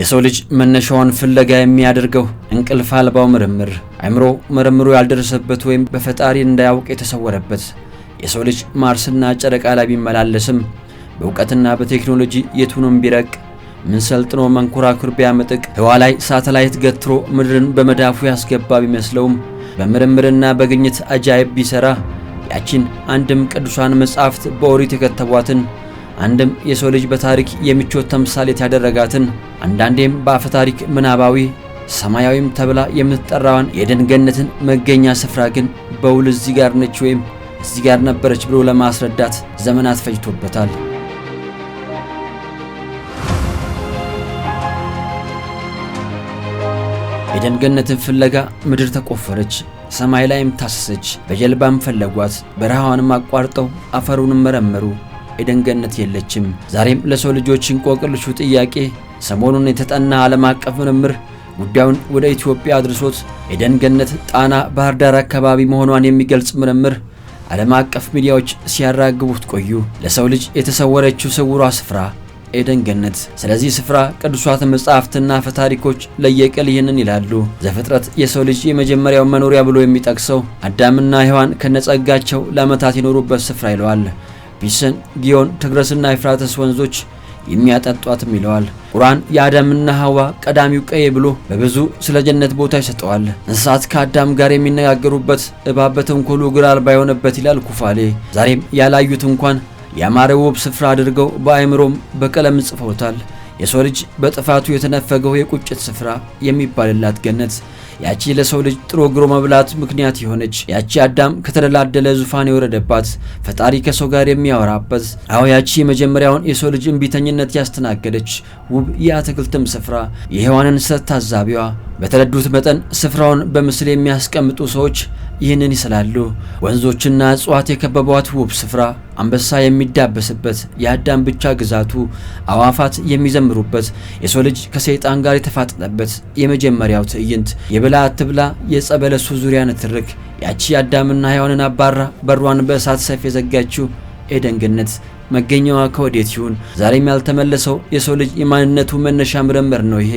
የሰው ልጅ መነሻውን ፍለጋ የሚያደርገው እንቅልፍ አልባው ምርምር አእምሮ ምርምሩ ያልደረሰበት ወይም በፈጣሪ እንዳያውቅ የተሰወረበት የሰው ልጅ ማርስና ጨረቃ ላይ ቢመላለስም በእውቀትና በቴክኖሎጂ የቱንም ቢረቅ ምን ሰልጥኖ መንኮራኩር ቢያመጥቅ ህዋ ላይ ሳተላይት ገትሮ ምድርን በመዳፉ ያስገባ ቢመስለውም በምርምርና በግኝት አጃይብ ቢሰራ ያቺን አንድም ቅዱሳን መጻሕፍት በኦሪት የከተቧትን አንድም የሰው ልጅ በታሪክ የምቾት ተምሳሌት ያደረጋትን አንዳንዴም በአፈታሪክ ምናባዊ ሰማያዊም ተብላ የምትጠራዋን የኤደን ገነትን መገኛ ስፍራ ግን በውል እዚህ ጋር ነች ወይም እዚህ ጋር ነበረች ብሎ ለማስረዳት ዘመናት ፈጅቶበታል። የኤደን ገነትን ፍለጋ ምድር ተቆፈረች፣ ሰማይ ላይም ታሰሰች። በጀልባም ፈለጓት፣ በረሃዋንም አቋርጠው አፈሩንም መረመሩ። የደንገነት የለችም። ዛሬም ለሰው ልጆች እንቆቅልሹ ጥያቄ ሰሞኑን የተጠና ዓለም አቀፍ ምርምር ጉዳዩን ወደ ኢትዮጵያ አድርሶት የደንገነት ገነት ጣና ባህር ዳር አካባቢ መሆኗን የሚገልጽ ምርምር ዓለም አቀፍ ሚዲያዎች ሲያራግቡት ቆዩ። ለሰው ልጅ የተሰወረችው ስውሯ ስፍራ ኤደን ገነት። ስለዚህ ስፍራ ቅዱሳት መጻሕፍትና አፈታሪኮች ለየቅል ይህንን ይላሉ። ዘፍጥረት የሰው ልጅ የመጀመሪያው መኖሪያ ብሎ የሚጠቅሰው አዳምና ሔዋን ከነጸጋቸው ለዓመታት የኖሩበት ስፍራ ይለዋል። ቢስን፣ ጊዮን፣ ትግረስና ኤፍራተስ ወንዞች የሚያጠጧትም ይለዋል። ቁርአን የአዳምና ሐዋ ቀዳሚው ቀይ ብሎ በብዙ ስለ ጀነት ቦታ ይሰጠዋል። እንስሳት ከአዳም ጋር የሚነጋገሩበት እባብ በተንኮሉ ግራ አልባ የሆነበት ይላል ኩፋሌ። ዛሬም ያላዩት እንኳን ያማረ ውብ ስፍራ አድርገው በአእምሮም በቀለም ጽፈውታል። የሰው ልጅ በጥፋቱ የተነፈገው የቁጭት ስፍራ የሚባልላት ገነት ያቺ ለሰው ልጅ ጥሮ ግሮ መብላት ምክንያት የሆነች ያቺ አዳም ከተደላደለ ዙፋን የወረደባት ፈጣሪ ከሰው ጋር የሚያወራበት አዎ ያቺ የመጀመሪያውን የሰው ልጅ እምቢተኝነት ያስተናገደች ውብ የአትክልትም ስፍራ የሔዋንን ሰት ታዛቢዋ በተረዱት መጠን ስፍራውን በምስል የሚያስቀምጡ ሰዎች ይህንን ይስላሉ። ወንዞችና እጽዋት የከበቧት ውብ ስፍራ፣ አንበሳ የሚዳበስበት የአዳም ብቻ ግዛቱ፣ አዋፋት የሚዘምሩበት፣ የሰው ልጅ ከሰይጣን ጋር የተፋጠጠበት የመጀመሪያው ትዕይንት፣ የብላ አትብላ የጸበለሱ ዙሪያ ንትርክ፣ ያቺ አዳምና ሔዋንን አባራ በሯን በእሳት ሰይፍ የዘጋችው ኤደን ገነት መገኛዋ ከወዴት ይሁን? ዛሬም ያልተመለሰው የሰው ልጅ የማንነቱ መነሻ ምርምር ነው ይሄ።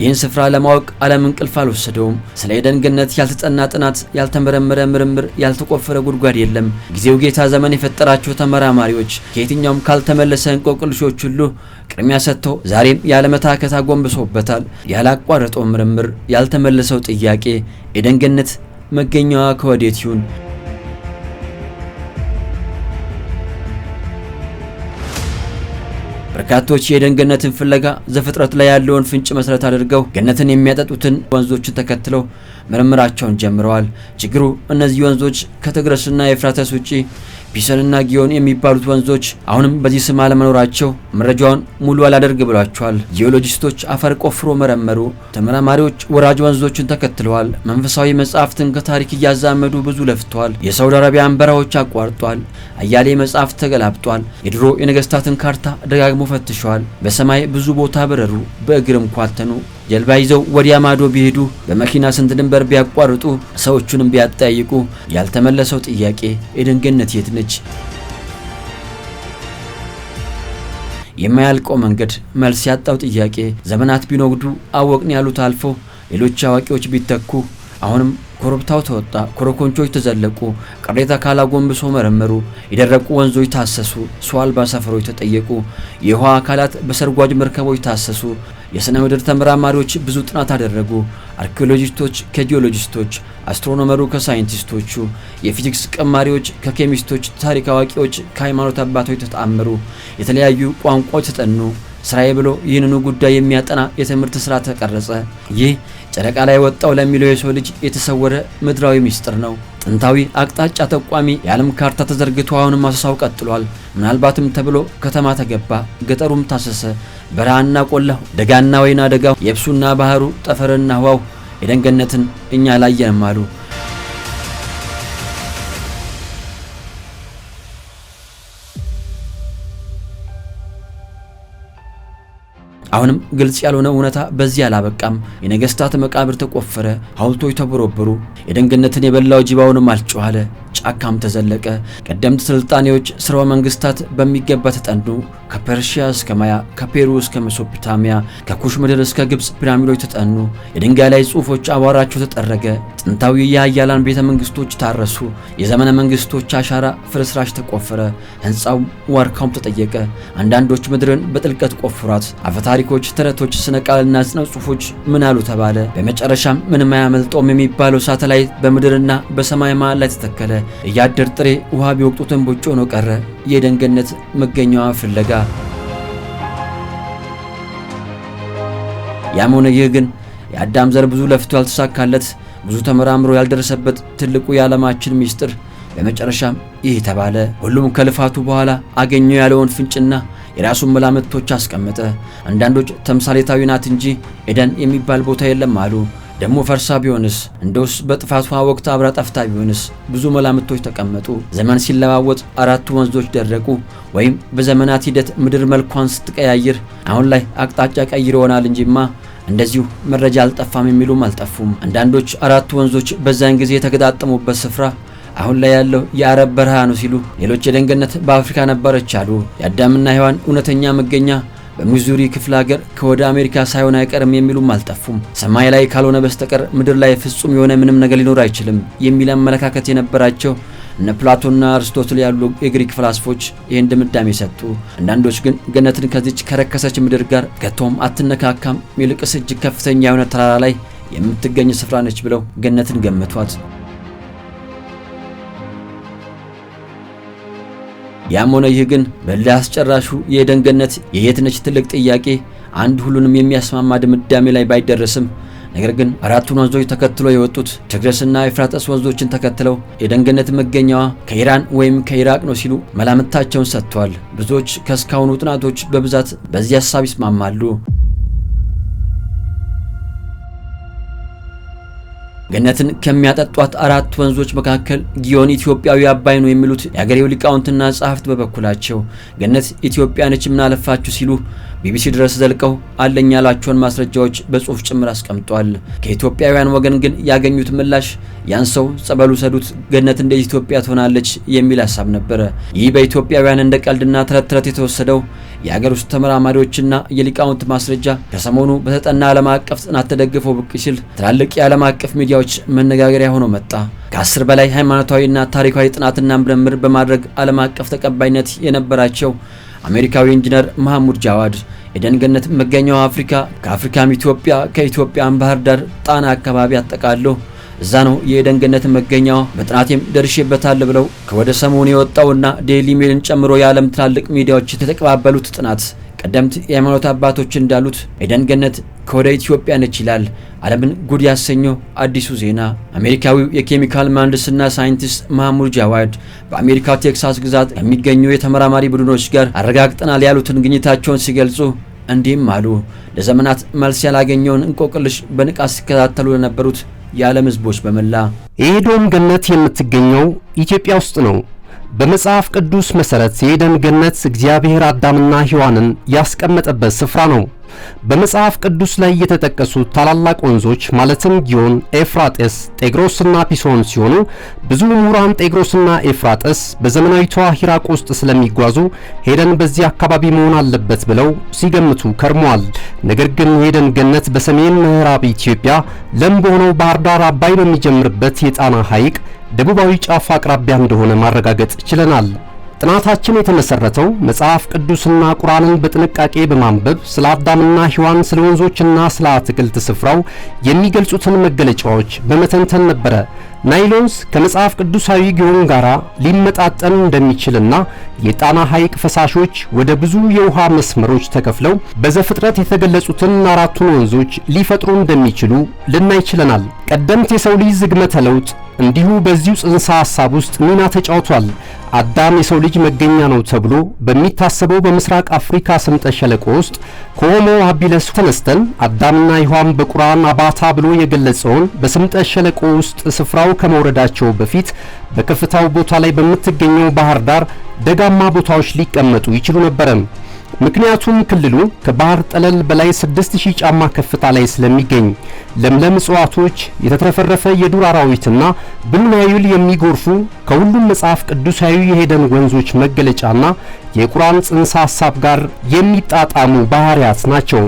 ይህን ስፍራ ለማወቅ ዓለም እንቅልፍ አልወሰደውም። ስለ ኤደን ገነት ያልተጠና ጥናት፣ ያልተመረመረ ምርምር፣ ያልተቆፈረ ጉድጓድ የለም። ጊዜው ጌታ ዘመን የፈጠራቸው ተመራማሪዎች ከየትኛውም ካልተመለሰ እንቆቅልሾች ሁሉ ቅድሚያ ሰጥተው ዛሬም ያለመታከት አጎንብሶበታል። ያላቋረጠው ምርምር፣ ያልተመለሰው ጥያቄ ኤደን ገነት መገኛዋ ከወዴት ይሁን? በርካቶች የኤደን ገነትን ፍለጋ ዘፍጥረት ላይ ያለውን ፍንጭ መሰረት አድርገው ገነትን የሚያጠጡትን ወንዞችን ተከትለው ምርምራቸውን ጀምረዋል። ችግሩ እነዚህ ወንዞች ከትግረስና የፍራተስ ውጪ ቢሰንና ጊዮን የሚባሉት ወንዞች አሁንም በዚህ ስም አለመኖራቸው መረጃውን ሙሉ አላደርግ ብሏቸዋል። ጂኦሎጂስቶች አፈር ቆፍሮ መረመሩ። ተመራማሪዎች ወራጅ ወንዞችን ተከትለዋል። መንፈሳዊ መጻሕፍትን ከታሪክ እያዛመዱ ብዙ ለፍተዋል። የሳውዲ አረቢያን በረሃዎች አቋርጧል። አያሌ መጻሕፍት ተገላብጧል። የድሮ የነገስታትን ካርታ ደጋግሞ ፈትሸዋል። በሰማይ ብዙ ቦታ በረሩ፣ በእግርም ኳተኑ። ጀልባ ይዘው ወዲያ ማዶ ቢሄዱ፣ በመኪና ስንት ድንበር ቢያቋርጡ፣ ሰዎቹንም ቢያጠያይቁ ያልተመለሰው ጥያቄ ኤደን ገነት የት ነች? የማያልቀው መንገድ መልስ ያጣው ጥያቄ ዘመናት ቢኖግዱ አወቅን ያሉት አልፎ ሌሎች አዋቂዎች ቢተኩ አሁንም ኮረብታው ተወጣ፣ ኮረኮንቾች ተዘለቁ፣ ቅሬታ ካላጎንብሶ መረመሩ፣ የደረቁ ወንዞች ታሰሱ፣ ሰው አልባ ሰፈሮች ተጠየቁ፣ የውሃ አካላት በሰርጓጅ መርከቦች ታሰሱ። የሥነ ምድር ተመራማሪዎች ብዙ ጥናት አደረጉ። አርኪኦሎጂስቶች ከጂኦሎጂስቶች፣ አስትሮኖመሩ ከሳይንቲስቶቹ፣ የፊዚክስ ቀማሪዎች ከኬሚስቶች፣ ታሪክ አዋቂዎች ከሃይማኖት አባቶች ተጣመሩ። የተለያዩ ቋንቋዎች ተጠኑ። ስራዬ ብሎ ይህንኑ ጉዳይ የሚያጠና የትምህርት ስራ ተቀረጸ። ይህ ጨረቃ ላይ ወጣው ለሚለው የሰው ልጅ የተሰወረ ምድራዊ ምስጢር ነው። ጥንታዊ አቅጣጫ ጠቋሚ የዓለም ካርታ ተዘርግቶ አሁንም አሰሳው ቀጥሏል። ምናልባትም ተብሎ ከተማ ተገባ፣ ገጠሩም ታሰሰ፣ በረሃና ቆላው፣ ደጋና ወይና ደጋው፣ የብሱና ባህሩ፣ ጠፈርና ህዋው የደንገነትን እኛ ላየንም አሉ። አሁንም ግልጽ ያልሆነ እውነታ በዚህ አላበቃም። የነገስታት መቃብር ተቆፈረ፣ ሐውልቶች ተቦረቦሩ፣ የደንግነትን የበላው ጅባውንም አልጮኋለ። ጫካም ተዘለቀ። ቀደምት ስልጣኔዎች ስርወ መንግስታት በሚገባ ተጠኑ። ከፐርሺያ እስከ ማያ፣ ከፔሩ እስከ ሜሶፖታሚያ፣ ከኩሽ ምድር እስከ ግብፅ ፒራሚዶች ተጠኑ። የድንጋይ ላይ ጽሑፎች አቧራቸው ተጠረገ። ጥንታዊ የሀያላን ቤተ መንግስቶች ታረሱ። የዘመነ መንግስቶች አሻራ ፍርስራሽ ተቆፈረ። ህንፃውም ዋርካውም ተጠየቀ። አንዳንዶች ምድርን በጥልቀት ቆፍሯት። አፈታሪኮች፣ ተረቶች፣ ስነ ቃልና ጽሑፎች ምን አሉ ተባለ። በመጨረሻም ምንም አያመልጠውም የሚባለው ሳተላይት በምድርና በሰማይ መሃል ላይ ተተከለ። እያደር ጥሬ ውሃ ቢወቅጡትን ቦጭ ሆኖ ቀረ። የደንገነት መገኛዋ ፍለጋ ያም ሆነ ይህ ግን የአዳም ዘር ብዙ ለፍቶ ያልተሳካለት ብዙ ተመራምሮ ያልደረሰበት ትልቁ የዓለማችን ምስጢር በመጨረሻም ይህ ተባለ። ሁሉም ከልፋቱ በኋላ አገኘው ያለውን ፍንጭና የራሱን መላምቶች አስቀመጠ። አንዳንዶች ተምሳሌታዊ ናት እንጂ ኤደን የሚባል ቦታ የለም አሉ። ደግሞ ፈርሳ ቢሆንስ? እንደውስ በጥፋቷ ወቅት አብራ ጠፍታ ቢሆንስ? ብዙ መላምቶች ተቀመጡ። ዘመን ሲለዋወጥ አራቱ ወንዞች ደረቁ፣ ወይም በዘመናት ሂደት ምድር መልኳን ስትቀያይር አሁን ላይ አቅጣጫ ቀይር ይሆናል እንጂማ እንደዚሁ መረጃ አልጠፋም የሚሉም አልጠፉም። አንዳንዶች አራቱ ወንዞች በዛን ጊዜ የተገጣጠሙበት ስፍራ አሁን ላይ ያለው የአረብ በረሃ ነው ሲሉ፣ ሌሎች የደንገነት በአፍሪካ ነበረች አሉ። የአዳምና ሔዋን እውነተኛ መገኛ በሚዙሪ ክፍለ ሀገር ከወደ አሜሪካ ሳይሆን አይቀርም የሚሉም አልጠፉም። ሰማይ ላይ ካልሆነ በስተቀር ምድር ላይ ፍጹም የሆነ ምንም ነገር ሊኖር አይችልም የሚል አመለካከት የነበራቸው እነ ፕላቶና አርስቶትል ያሉ የግሪክ ፍልስፎች ይህን ድምዳሜ ሰጡ። አንዳንዶች ግን ገነትን ከዚች ከረከሰች ምድር ጋር ገቶም አትነካካም፣ ይልቅስ እጅግ ከፍተኛ የሆነ ተራራ ላይ የምትገኝ ስፍራ ነች ብለው ገነትን ገምቷት ያም ሆነ ይህ ግን በእልህ አስጨራሹ የደንገነት ነች ትልቅ ጥያቄ አንድ ሁሉንም የሚያስማማ ድምዳሜ ላይ ባይደረስም ነገር ግን አራቱን ወንዞች ተከትሎ የወጡት ትግረስና ኤፍራጥስ ወንዞችን ተከትለው የደንገነት መገኛዋ ከኢራን ወይም ከኢራቅ ነው ሲሉ መላምታቸውን ሰጥተዋል። ብዙዎች ከእስካሁኑ ጥናቶች በብዛት በዚህ ሀሳብ ይስማማሉ። ገነትን ከሚያጠጧት አራት ወንዞች መካከል ጊዮን ኢትዮጵያዊ አባይ ነው የሚሉት የአገሬው ሊቃውንትና ጸሐፍት በበኩላቸው ገነት ኢትዮጵያ ነች ምናለፋችሁ ሲሉ ቢቢሲ ድረስ ዘልቀው አለኝ ያላቸውን ማስረጃዎች በጽሁፍ ጭምር አስቀምጧል። ከኢትዮጵያውያን ወገን ግን ያገኙት ምላሽ ያን ሰው ጸበሉ ሰዱት፣ ገነት እንደ ኢትዮጵያ ትሆናለች የሚል ሀሳብ ነበረ። ይህ በኢትዮጵያውያን እንደ ቀልድና ተረት ተረት የተወሰደው የሀገር ውስጥ ተመራማሪዎችና የሊቃውንት ማስረጃ ከሰሞኑ በተጠና ዓለም አቀፍ ጥናት ተደግፎ ብቅ ሲል ትላልቅ የዓለም አቀፍ ሚዲያዎች መነጋገሪያ ሆኖ መጣ። ከአስር በላይ ሃይማኖታዊና ታሪካዊ ጥናትና ምርምር በማድረግ ዓለም አቀፍ ተቀባይነት የነበራቸው አሜሪካዊ ኢንጂነር መሐሙድ ጃዋድ ኤደን ገነት አፍሪካ ከአፍሪካም ኢትዮጵያ ከኢትዮጵያም ባህር ዳር ጣና አካባቢ አጠቃሎ እዛ ነው የኤደን ገነት መገኛዋ በጥናቴም ደርሼበታል ብለው ከወደ ሰሞኑ የወጣውና ዴይሊ ሜልን ጨምሮ የዓለም ትላልቅ ሚዲያዎች የተቀባበሉት ጥናት ቀደምት የሃይማኖት አባቶች እንዳሉት ኤደን ገነት ከወደ ኢትዮጵያ ነች ይላል። ዓለምን ጉድ ያሰኘው አዲሱ ዜና አሜሪካዊው የኬሚካል ምህንድስና ሳይንቲስት ማህሙድ ጃዋድ በአሜሪካ ቴክሳስ ግዛት ከሚገኙ የተመራማሪ ቡድኖች ጋር አረጋግጠናል ያሉትን ግኝታቸውን ሲገልጹ እንዲህም አሉ። ለዘመናት መልስ ያላገኘውን እንቆቅልሽ በንቃት ሲከታተሉ ለነበሩት የዓለም ህዝቦች በመላ የኤዶም ገነት የምትገኘው ኢትዮጵያ ውስጥ ነው። በመጽሐፍ ቅዱስ መሠረት የኤደን ገነት እግዚአብሔር አዳምና ሔዋንን ያስቀመጠበት ስፍራ ነው። በመጽሐፍ ቅዱስ ላይ የተጠቀሱ ታላላቅ ወንዞች ማለትም ጊዮን፣ ኤፍራጤስ፣ ጤግሮስና ፒሶን ሲሆኑ ብዙ ምሁራን ጤግሮስና ኤፍራጤስ በዘመናዊቷ ሂራቅ ውስጥ ስለሚጓዙ ሄደን በዚህ አካባቢ መሆን አለበት ብለው ሲገምቱ ከርመዋል። ነገር ግን የሄደን ገነት በሰሜን ምዕራብ ኢትዮጵያ ለም በሆነው ባህር ዳር አባይ በሚጀምርበት የጣና ሐይቅ ደቡባዊ ጫፍ አቅራቢያ እንደሆነ ማረጋገጥ ችለናል። ጥናታችን የተመሰረተው መጽሐፍ ቅዱስና ቁርአንን በጥንቃቄ በማንበብ ስለ አዳምና ሔዋን ስለ ወንዞችና ስለ አትክልት ስፍራው የሚገልጹትን መገለጫዎች በመተንተን ነበረ። ናይሎንስ ከመጽሐፍ ቅዱሳዊ ግዮን ጋር ሊመጣጠን እንደሚችልና የጣና ሐይቅ ፈሳሾች ወደ ብዙ የውሃ መስመሮች ተከፍለው በዘፍጥረት የተገለጹትን አራቱን ወንዞች ሊፈጥሩ እንደሚችሉ ልናይ ችለናል። ቀደምት የሰው ልጅ ዝግመተ ለውጥ እንዲሁ በዚሁ ጽንሰ ሐሳብ ውስጥ ሚና ተጫውቷል። አዳም የሰው ልጅ መገኛ ነው ተብሎ በሚታሰበው በምስራቅ አፍሪካ ስምጠ ሸለቆ ውስጥ ከሆሞ ሀቢለስ ተነስተን አዳምና ይኋም በቁርአን አባታ ብሎ የገለጸውን በስምጠ ሸለቆ ውስጥ ስፍራው ተገፍተው ከመውረዳቸው በፊት በከፍታው ቦታ ላይ በምትገኘው ባህር ዳር ደጋማ ቦታዎች ሊቀመጡ ይችሉ ነበረ። ምክንያቱም ክልሉ ከባህር ጠለል በላይ 6000 ጫማ ከፍታ ላይ ስለሚገኝ ለምለም እጽዋቶች የተትረፈረፈ የዱር አራዊትና ብሉናይል የሚጎርፉ ከሁሉም መጽሐፍ ቅዱሳዊ የሄደን ወንዞች መገለጫና የቁርአን ጽንሰ ሐሳብ ጋር የሚጣጣሙ ባህሪያት ናቸው።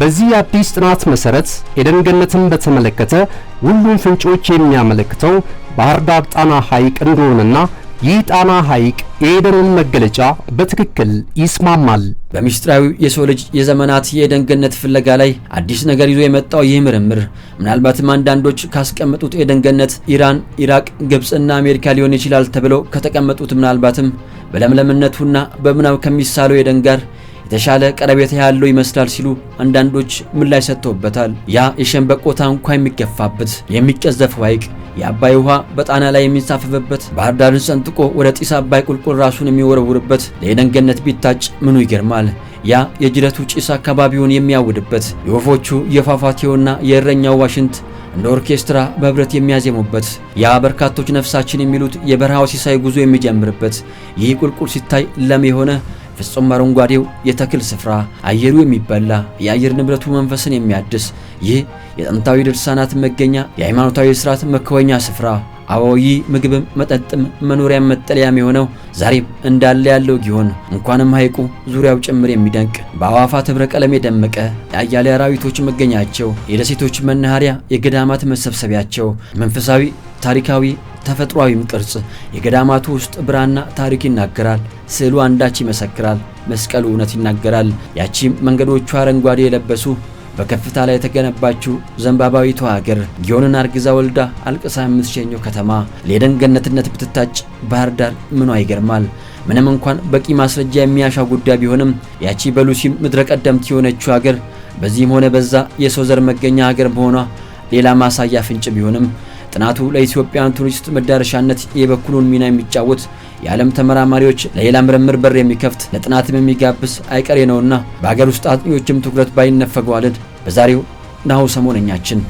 በዚህ አዲስ ጥናት መሰረት ኤደን ገነትን በተመለከተ ሁሉም ፍንጮች የሚያመለክተው ባህር ዳር ጣና ሐይቅ እንደሆነና ይህ ጣና ሐይቅ የኤደንን መገለጫ በትክክል ይስማማል። በምስጢራዊ የሰው ልጅ የዘመናት የኤደን ገነት ፍለጋ ላይ አዲስ ነገር ይዞ የመጣው ይህ ምርምር ምናልባትም አንዳንዶች ካስቀመጡት የኤደን ገነት ኢራን፣ ኢራቅ፣ ግብፅና አሜሪካ ሊሆን ይችላል ተብለው ከተቀመጡት ምናልባትም በለምለምነቱና በምናብ ከሚሳለው የኤደን ጋር የተሻለ ቀረቤታ ያለው ይመስላል ሲሉ አንዳንዶች ምላሽ ሰጥተውበታል። ያ የሸንበቆ ታንኳ የሚገፋበት የሚቀዘፈው ሐይቅ የአባይ ውሃ በጣና ላይ የሚንሳፈፍበት ባህር ዳርን ሰንጥቆ ወደ ጢስ አባይ ቁልቁል ራሱን የሚወረውርበት ለደንገነት ቢታጭ ምኑ ይገርማል? ያ የጅረቱ ጭስ አካባቢውን የሚያውድበት የወፎቹ የፏፏቴውና የእረኛው ዋሽንት እንደ ኦርኬስትራ በህብረት የሚያዜሙበት ያ በርካቶች ነፍሳችን የሚሉት የበረሃው ሲሳይ ጉዞ የሚጀምርበት ይህ ቁልቁል ሲታይ ለም የሆነ ፍጹም አረንጓዴው የተክል ስፍራ አየሩ የሚበላ የአየር ንብረቱ መንፈስን የሚያድስ ይህ የጥንታዊ ድርሳናት መገኛ የሃይማኖታዊ ስርዓት መከወኛ ስፍራ አወይ ምግብም መጠጥም መኖሪያም መጠለያም የሆነው ዛሬም እንዳለ ያለው ጊዮን እንኳንም ሐይቁ ዙሪያው ጭምር የሚደንቅ በአዕዋፋት ኅብረ ቀለም የደመቀ የአያሌ አራዊቶች መገኛቸው፣ የደሴቶች መናኸሪያ፣ የገዳማት መሰብሰቢያቸው መንፈሳዊ ታሪካዊ ተፈጥሯዊም ቅርጽ የገዳማቱ ውስጥ ብራና ታሪክ ይናገራል። ስዕሉ አንዳች ይመሰክራል። መስቀሉ እውነት ይናገራል። ያቺም መንገዶቹ አረንጓዴ የለበሱ በከፍታ ላይ የተገነባችው ዘንባባዊቷ ሀገር ጊዮንን አርግዛ ወልዳ አልቅሳ የምትሸኘው ከተማ ለኤደን ገነትነት ብትታጭ ባህር ዳር ምኗ ይገርማል። ምንም እንኳን በቂ ማስረጃ የሚያሻ ጉዳይ ቢሆንም ያቺ በሉሲም ምድረ ቀደምት የሆነችው ሀገር በዚህም ሆነ በዛ የሰው ዘር መገኛ ሀገር መሆኗ ሌላ ማሳያ ፍንጭ ቢሆንም ጥናቱ ለኢትዮጵያን ቱሪስት መዳረሻነት የበኩሉን ሚና የሚጫወት የዓለም ተመራማሪዎች ለሌላ ምርምር በር የሚከፍት ለጥናትም የሚጋብስ አይቀሬ ነውና በሀገር ውስጥ አጥኚዎችም ትኩረት ባይነፈገው አለድ በዛሬው ናሁ ሰሞነኛችን